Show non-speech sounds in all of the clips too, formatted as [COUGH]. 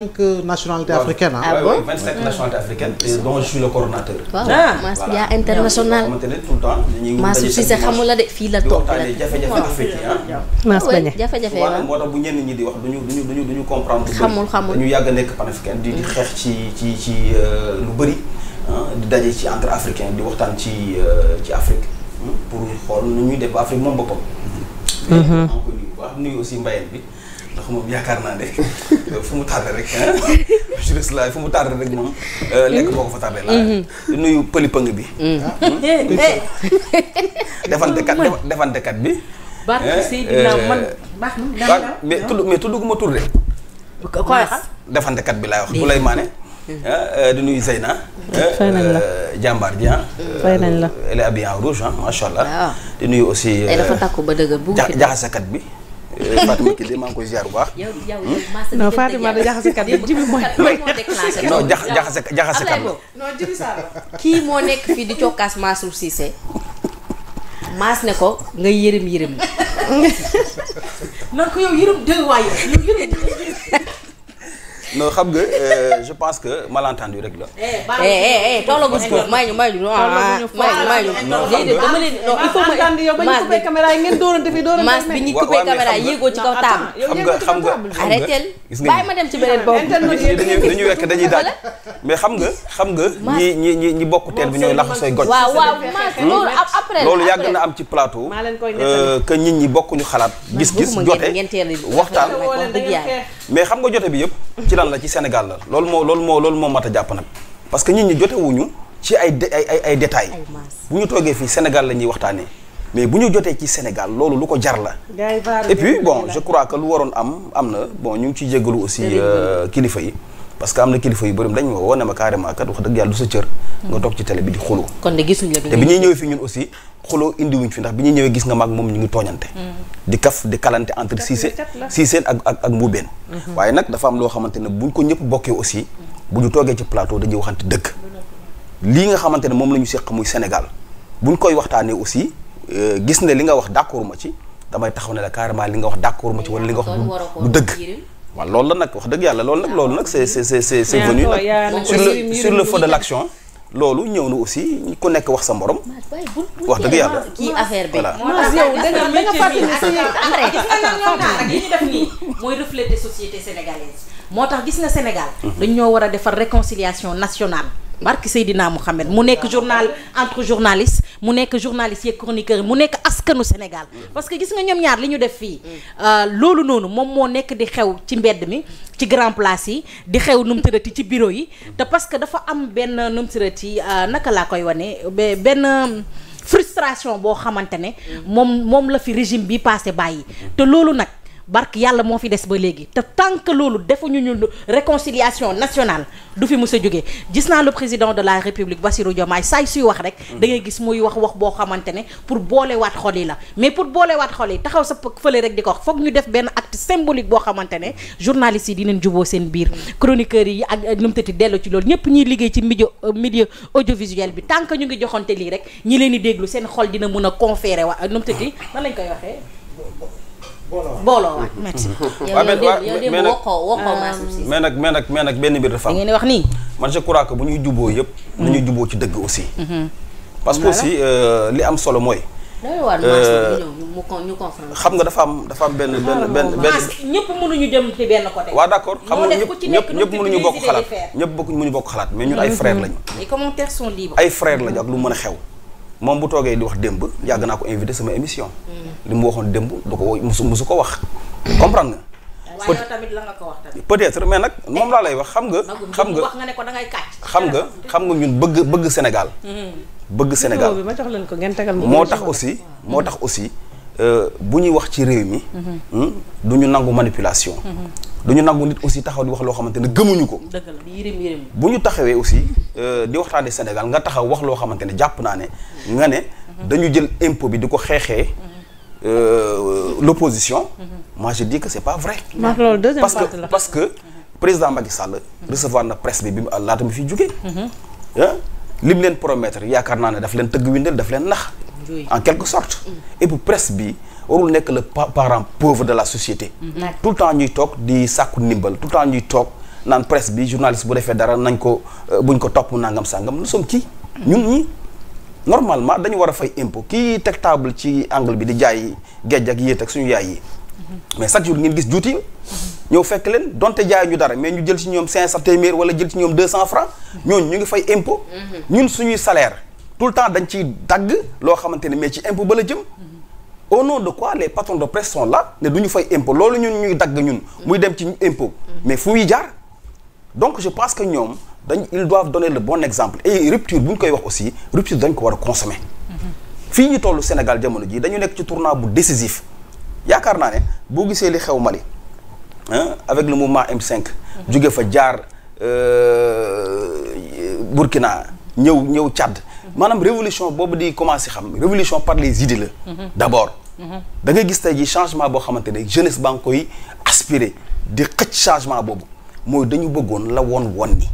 cinq nationalités ah. Ah, ah ouais. africaines bu di wax duñu duñu duñu duñu comprendre. xamul ci ci ci euh, lu bëri di daje ci entre africain di waxtaan ci euh, ci Afrique hmm, pour xool nu ñuy def ba Afrique moom boppam. mais mm-hmm. maa aussi mbayeen bi ndax moom yaakaar naa ne. [LAUGHS] Euh, fu mu tardé rek [LAUGHS] fu mu tardé rek moom euh, lekk boo ko fa tardé la mhm. nuyu pëlipëng bi mhm. ah, [LAUGHS] hmm? eh, eh. defante kat bi barke Seydina man baax na eh, mais tudd mais tudd gu ma tur defante kat bi laay wax bu lay maane di nuyu Zeyna euh, fay nañ la jàmbaar ji ah. mm. fay nañ la elle est rouge ah allah ah. di nuyu aussi dafa takku ba dëgg bu jaxasekat bi Eh, Fatima Kelle maa ngi koy ziar bu baax. yow yow hmm? non da jaxasekat bi jibi mooy. moo nekk fii di cokkaas Mansour Cissé maas ne ko nga yërëm yërëm la. [LAUGHS] nan ko yow yërëm dëgg waaye yërëm non xam nga euh, je pense que malentendu rek la. eh eh, eh, eh tollaguñu ah, ah, foofu maa ñu ma masse bi masse bi caméra yi ngeen dóorante fi dóorante masse bi xam nga xam nga arrêtel bàyyi ma dem ci beneen bopp. dañuy wekk mais xam nga xam nga ñi ñi ñi ñi bokk bi ñooy laxasooy goj. waaw waaw loolu yàgg na am ci plateau. Euh, que nit ñi bokkuñu xalaat. gis-gis jote waxtaan mais xam nga jote bi yëpp ci lan la ci Sénégal la loolu moo loolu moo mat a jàpp nag parce que nit ñi jote ci ay ay ay bu ñu toogee fii Sénégal la ñuy waxtaanee mais bu ñu jotee ci Sénégal loolu lu ko jar la et puis bon je crois que lu waroon am am na bon ñu ngi ciy jégalu aussi euh, kilifa yi parce que am na kilifa yu bëri dañ ma woo ne ma carrément wax dëgg yàlla du sa cër nga toog ci télé bi di xuloo te bi ñuy ñëwee fi ñun aussi xuloo indiwuñ fi ndax bi ñuy ñëwee gis nga maag moom ñu ngi mm. mm-hmm. am loo xamante ne buñ ko ñëpp bokkee aussi mm. bu ñu toogee ci plateau dañuy waxante dëgg lii nga xamante ne moom la ñu seq muy Sénégal buñ koy waxtaanee aussi euh, gis ne li nga wax d'accord ma ci damay taxaw ne la carrément li nga wax d'accord ma ci wala li nga wax du waaw loolu la nag wax dëgg yàlla loolu nag loolu nag c'est c'est c'est c'est venu nag sur le sur le feu de l'action loolu ñëw na aussi ku nekk wax sa morom wax dëgg yàlla kii affaire bi mooy refléter moo tax gis nga Sénégal mhm. dañ ñoo war a defar réconciliation nationale barki Seydina Mouhamed mu nekk journal entre journalistes mu nekk journaliste yeeg chroniqueur mu nekk askanu Sénégal parce que gis nga ñoom ñaar li ñu def fii euh, loolu noonu moom moo nekk di xew ci mbedd mi ci grand place yi di xew nu mu tërati ci bureau yi te parce que dafa am benn nu mu tërati euh, naka laa koy wane benn euh, frustration boo xamante ne moom moom la fi régime bi passé bàyyi te loolu nag barke yàlla moo fi des ba léegi te tant que loolu defu ñu réconciliation nationale du fi mës a jógee gis naa le président de la république Bassirou Diomaye saay suy wax rek mm. da ngay gis muy wax wax boo xamante ne pour boolewaat xol yi la mais pour boolewaat xol yi taxaw sa fële rek di ko wax foog ñu def benn acte symbolique boo xamante ne journalistes yi dinañ juboo seen biir chroniqueurs yi ak nu mu dellu ci loolu ñëpp ñuy liggéey ci milieu milieu audiovisuel bi tant que ñu ngi joxante lii rek ñi leen di déglu seen xol dina mun a conférer wa nu mu tëdd nan lañ koy waxee booloo waat merci. yow ah, yow démb wokkoo wokkoo ah. mais nag mais nag mais nag benn mbir dafa am. da wax nii. man je crois que bu ñuy juboo yëpp. Mm-hmm. nañu juboo ci dëgg aussi. Mm-hmm. parce que aussi euh, li am solo mooy. Euh, xam nga dafa am dafa am benn benn benn benn. ñëpp mënuñu jëm ci benn côté. waaw d' accord xam nga ñëpp ñëpp bokk xalaat ñëpp bokk ñu bokk xalaat mais ñun ay mm-hmm. frères lañu. les commentaires sont libres. ay frères lañu ak lu mën a xew. moom bu toogee di wax démb yàgg naa ko invité sama émission. Mm. li mu waxoon démb du ko musu musu ko wax. comprendre nga. [COUGHS] waaye yow tamit la nga ko wax tamit. nag moom laa lay wax xam nga. xam nga wax nga ne ko da ngay xam nga ñun bëgg bëgg Sénégal. Mm. bëgg Sénégal bi ma ko ngeen tegal moo tax aussi moo tax aussi euh, bu ñuy wax ci réew mi. Mm-hmm. Hmm, du ñu nangu manipulation. Mm-hmm. du ñu nangu nit aussi taxaw di wax loo xamante ne gëmuñu ko. bu ñu taxawee aussi Euh, di waxtaane Sénégal nga taxaw wax loo xamante ne jàpp naa ne nga ne dañu jël impôt bi di ko xeexee euh, l'opposition mm-hmm. moi je dis que c'est pas vrai parce que parce que mm-hmm. président Macky Sall recevoir na presse bi bi mu laata mu fi jógee mm-hmm. li leen promettre yaakaar naa ne daf leen tëgg windel daf leen nax en quelque sorte mm. et pour bi warul nekk le parent pauvre de la société tout le temps ñuy toog di sàkku ndimbal tout temps ñuy toog naan presse bi journaliste bu defee dara nañ ko euh, buñ ko topp nangam sangam nous sommes qui ñun ñi normalement dañu war a fay impôt kii teg table ci angle bi di jaay géej ak yéet ak suñu yaay yi mais chaque jour ngeen gis juuti ñëw fekk leen donte jaay ñu dara mais ñu jël ci ñoom cinq cent téeméer wala jël ci ñoom deux cent francs ñooñu ñu ngi fay impôt ñun suñuy salaire tout le temps dañ ciy dagg loo xamante ne mais ci impo ba la jëm au non de quoi les patrons de presse sont ne du ñu fay impôt loolu ñun ñuy dagg ñun muy dem ci impôt mais donc je pense que ñoom dañ ils doivent donner le bon exemple et rupture bu ñu koy wax aussi rupture dañ ko war a consommer. Mhm. fii ñu tollu Sénégal jamono jii dañu nekk ci tournant bu décisif yaakaar naa ne boo gisee li xew Mali avec le mouvement M5. Mhm. jóge fa jaar euh, Burkina ñëw ñëw Tchad. Mhm. maanaam révolution boobu di commencé xam révolution par les idées la. d' abord. gis tey ji changement boo xamante ne jeunesse baa ngi koy aspirer di xëcc changement boobu. mooy dañu bëggoon la woon woon ni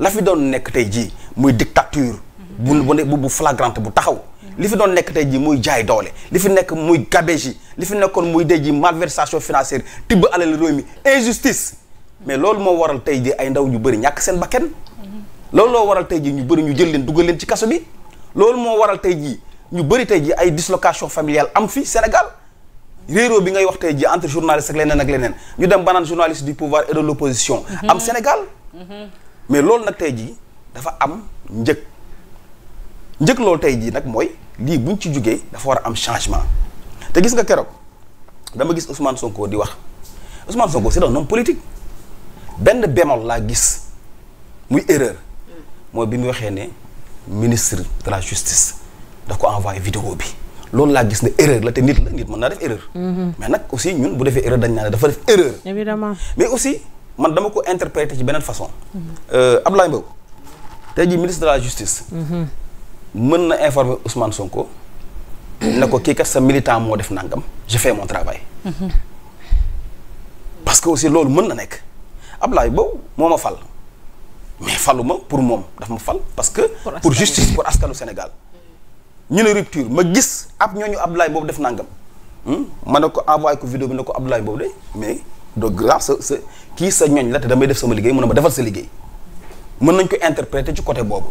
la fi doon nekk tey jii muy dictature bu bu bu flagrante bu taxaw li fi doon nekk tey jii muy jaay doole li fi nekk muy gabegie li fi nekkoon muy tey jii malversation financière tibb alal réew mi injustice mais loolu moo waral tey jii ay ndaw ñu bëri ñàkk seen bakken loolu loo waral tey jii ñu bëri ñu jël leen dugal leen ci kaso bi loolu moo waral tey jii ñu bëri tey jii ay dislocation familiale am fi Sénégal réeróo bi ngay wax tey ji entre journaliste ak leneen ak leneen ñu dem banaan journaliste du pouvoir et de l'opposition mhm. am Sénégal mhm. mais loolu nag tey jii dafa am njëg njëg loolu tey jii nag mooy lii buñ ci jógee dafa war a am changement te gis nga keroog dama gis Ousmane Sonko di wax Ousmane Sonko c'est un homme politique benn bémol laa gis muy erreur mm. mooy bi mu waxee ne ministre de la justice daf ko envoyé vidéo bi loolu laa gis ne erreur la te nit la nit mën naa def erreur. Mhm. mais nag aussi ñun bu defee erreur dañ naa ne dafa def erreur. mais aussi man dama ko interpréter ci beneen façon. Mhm. Euh, Abdoulaye Mbow. tey jii ministre de la justice. Mhm. mën na informer Ousmane Sonko. ne ko kii kat sa militant moo def nangam. je fais mon travail. parce aussi loolu mën na nekk Abdoulaye Mbow moo ma fal mais falu ma pour moom daf ma fal parce que. pour justice pour askanu Sénégal. ñu ne rupture ma gis ab ñooñu Abdoulaye boobu def nangam hmm? ma ne ko envoyé ko vidéo bi ne ko Abdoulaye boobu de mais de grave sa sa kii sa ñooñ la te damay def sama liggéey mu ne ma defal sa liggéey mën nañ ko interpréter ci côté boobu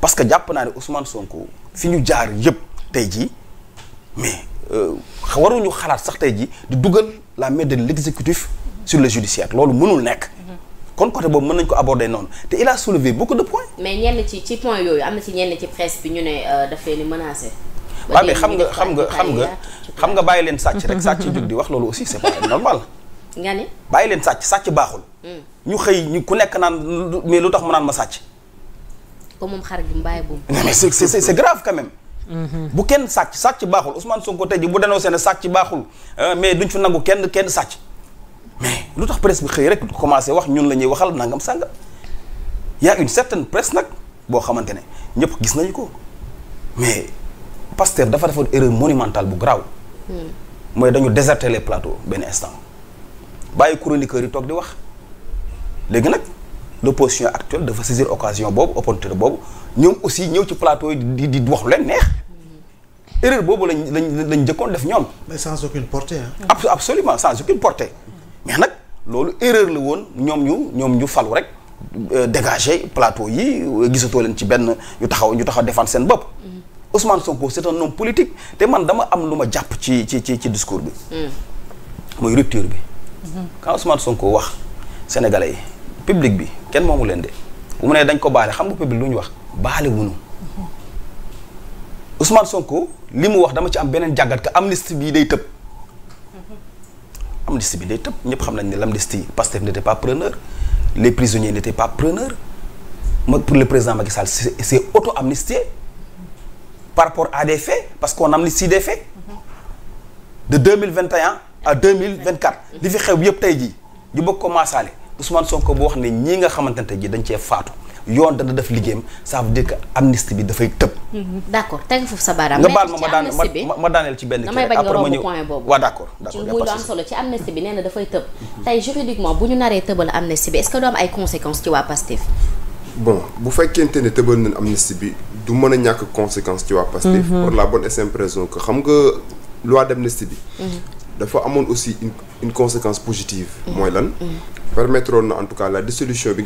parce que jàpp naa ne Ousmane Sonko fi ñu jaar yëpp tey jii mais euh, waruñu xalaat sax tey jii di dugal la main de l'exécutif sur le judiciaire loolu mënul nekk kon côté boobu mën nañu ko aborder noonu te il a soulevé beaucoup de points. mais ñenn ci ci points yooyu am na ci ñenn ci presse bi ñu ne euh, daf leen menacé. waaw mais xam nga xam nga xam nga xam nga bàyyi leen sàcc rek sàcc jóg di wax loolu aussi c'est pas [LAUGHS] normal. nga ne bàyyi leen sàcc sàcc baaxul. Hmm. ñu xëy ñu ku nekk naan mais lu tax mu naan ma sàcc. ko moom xar gi mbaay bu mais c'est c'est c'est grave quand même. Mm-hmm. bu kenn sàcc sàcc baaxul Ousmane Sonko tey ji bu denoo seen sàcc baaxul mais duñ fi nangu kenn kenn sàcc. lu tax presse bi xëy rek commencé wax ñun la ñuy waxal nangam sànga y a une certaine presse nag boo xamante ne ñëpp gis nañu ko mais Pastef dafa defoon erreur monumentale bu garaaw. Hmm. mooy dañu déserter les plateaux benn instant bàyyi chroniqueurs yi toog di wax léegi nag l'opposition actuelle dafa saisir occasion boobu opportunité boobu ñoom aussi ñëw ci plateau yi di di wax lu leen neex. Hmm. erreur boobu lañ lañ lañ jëkkoon def ñoom. mais sans aucune portée ah. absolument sans aucune portée mais loolu erreur la woon ñoom ñu ñoom ñu falu rek euh, dégager plateau yi euh, gisatoo leen ci benn ñu taxaw ñu taxaw défendre seen bopp. Mm-hmm. Ousmane Sonko c'est un homme politique te man dama am lu ma jàpp ci ci ci ci discours bi. mooy mm. rupture bi. Mm-hmm. quand Ousmane Sonko wax sénégalais yi public bi kenn moomu leen de bu mu ne dañ ko baale xam nga public lu ñu wax baale wuñu mm-hmm. Ousmane Sonko li mu wax dama ci am beneen jàngat que amnistie bii day tëb. l'amnistie bi a tëb ñëpp xam nañ ne l'amnistie Pastef n'était pas preneur les prisonniers n'étaient pas preneurs ma pour le président Macky li fi xew yëpp tey jii ñu bëgg ko maasaale Ousmane Sonko boo wax ne ñii nga xamante ne dañ cee faatu yoon dana def liggéeyam ça veut dire que amnistie bi dafay tëb. Mhm. d'accord teg foofu sa baaraam. nga baal ma ma daaneel ma ma daaneel ci benn. damay bañ nga romb point boobu waaw d'accord. d'accord muy lu am solo ci amnistie bi nee na dafay tëb. tey juridiquement bu ñu naree tëbal amnistie bi est-ce que doo am ay conséquences ci waa Pastef. bon bu fekkente ne tëbal nañ amnistie bi du mën a ñàkk conséquence ci waa Pastef. Mhm. pour la bonne et simple raison que xam nga loi d'amnistie bi. Mhm. dafa amoon aussi une une conséquence positive. mooy lan permettre na en tout cas la dissolution bi.